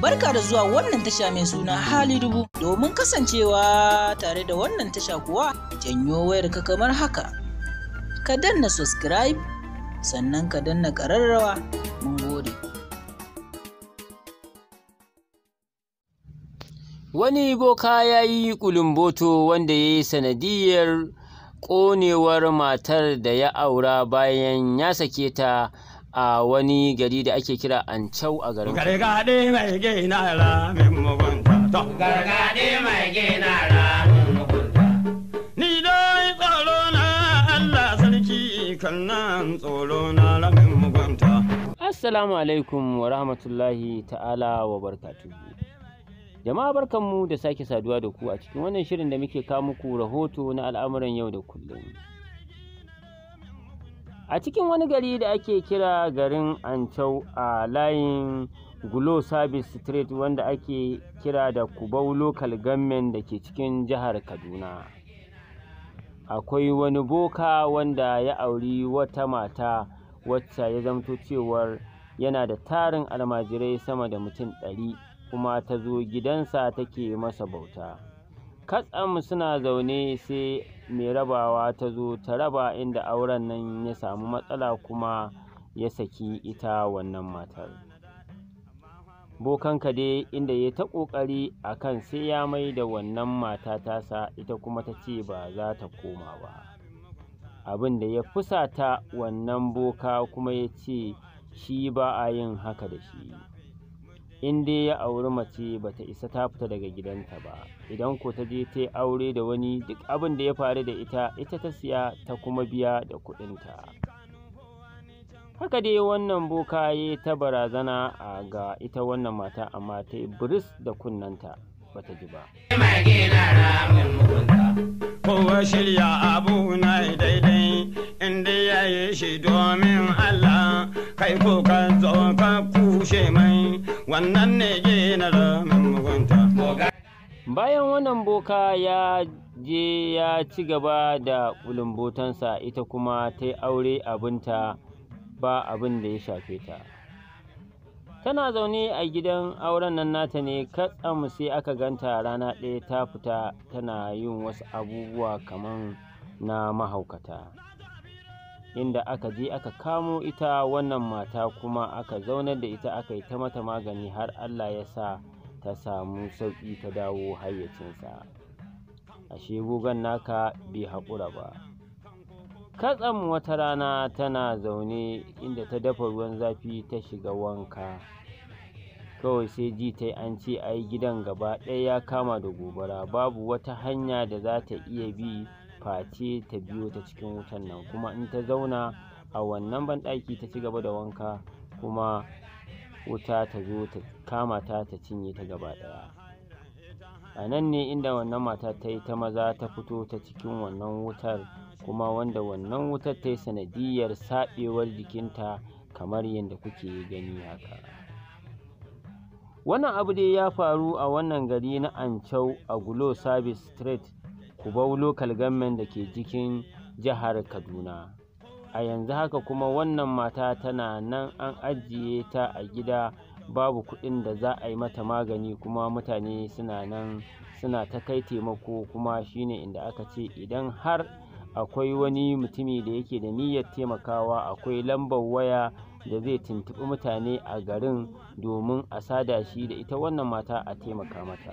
Barka da zuwa wannan tasha mai suna hali dubu domin kasancewa tare da wannan tasha kuwa janyo wayar ka kamar haka. Ka danna subscribe sannan ka danna ƙararrawa mun gode. Wani boka ya yi ƙulumboto wanda ya yi sanadiyar ƙonewar matar da ya aura bayan ya sake ta a wani gari da ake kira Ancau a garin Gargaɗe mai gina ra min mugunta. Gargaɗe mai gina ra min mugunta. Ni dai tsoro na Allah sarki kan nan tsoro na ra min mugunta. Assalamu alaikum wa rahmatullahi ta'ala wa barkatuhu. Jama'a barkanmu da sake saduwa da ku a cikin wannan shirin da muke kawo muku rahoto na al'amuran yau da kullum. a cikin wani gari da ake kira garin ancau a layin gulo service street wanda ake kira da kubau local government da ke cikin jihar kaduna akwai wani boka wanda ya auri wata mata wacce ya zamto cewar yana da tarin almajirai sama da mutum ɗari kuma ta zo gidansa take masa bauta katsam suna zaune sai mai rabawa ta zo ta raba inda auren nan ya samu matsala kuma ya saki ita wannan matar bokanka dai inda ya ta ƙoƙari a kan sai ya mai da wannan mata ta sa ita kuma ta ce ba za ta koma ba abin da ya fusata wannan boka kuma ya ce shi ba a yin haka da shi in dai ya auri mace bata isa ta fita daga gidanta ba idan ko ta je ta aure da wani duk abin da ya faru da ita ita ta siya ta kuma biya da kuɗinta haka dai wannan boka ya ta barazana a ga ita wannan mata amma ta yi buris da kunnanta ta ji ba kowa shirya abu na daidai inda ya yi shi domin allah kai ko ka zo ka kushe mai wannan ne je na ramin mugunta. Bayan wannan boka ya je ya ci gaba da ƙulumbotansa ita kuma ta yi aure abinta ba abin da ya shafe ta. Tana zaune a gidan auren nan nata ne katsam sai aka ganta rana ɗaya ta fita tana yin wasu abubuwa kaman na mahaukata. inda aka je aka kamo ita wannan mata kuma aka zaunar da ita aka yi ta mata magani har Allah ya sa ta samu sauƙi ta dawo hayyacinsa ashe gogon naka bai haƙura ba katsam wata rana tana zaune inda ta dafa ruwan zafi ta shiga wanka kawai sai ji ta yi an ce ai gidan gaba ɗaya ya kama da gobara babu wata hanya da za ta iya bi face ta biyo ta cikin wutan nan kuma in ta zauna a wannan banɗaki ta ci gaba da wanka kuma wuta ta zo ta kama ta ta cinye ta gaba ɗaya a nan ne inda wannan mata ta yi ta maza ta fito ta cikin wannan wutar kuma wanda wannan wutar ta yi sanadiyar saɓewar jikinta kamar yadda kuke gani haka wannan abu dai ya faru a wannan gari na ancau a gulo service street Kubau Local Government da ke jikin jihar Kaduna. A yanzu haka kuma wannan mata tana nan an ajiye ta a gida babu kudin da za a yi mata magani kuma mutane suna nan suna ta kai taimako kuma shine inda aka ce idan har akwai wani mutumi da yake da niyyar taimakawa akwai lambar waya da zai tuntuɓi mutane a garin domin a sada shi da ita wannan mata a taimaka mata.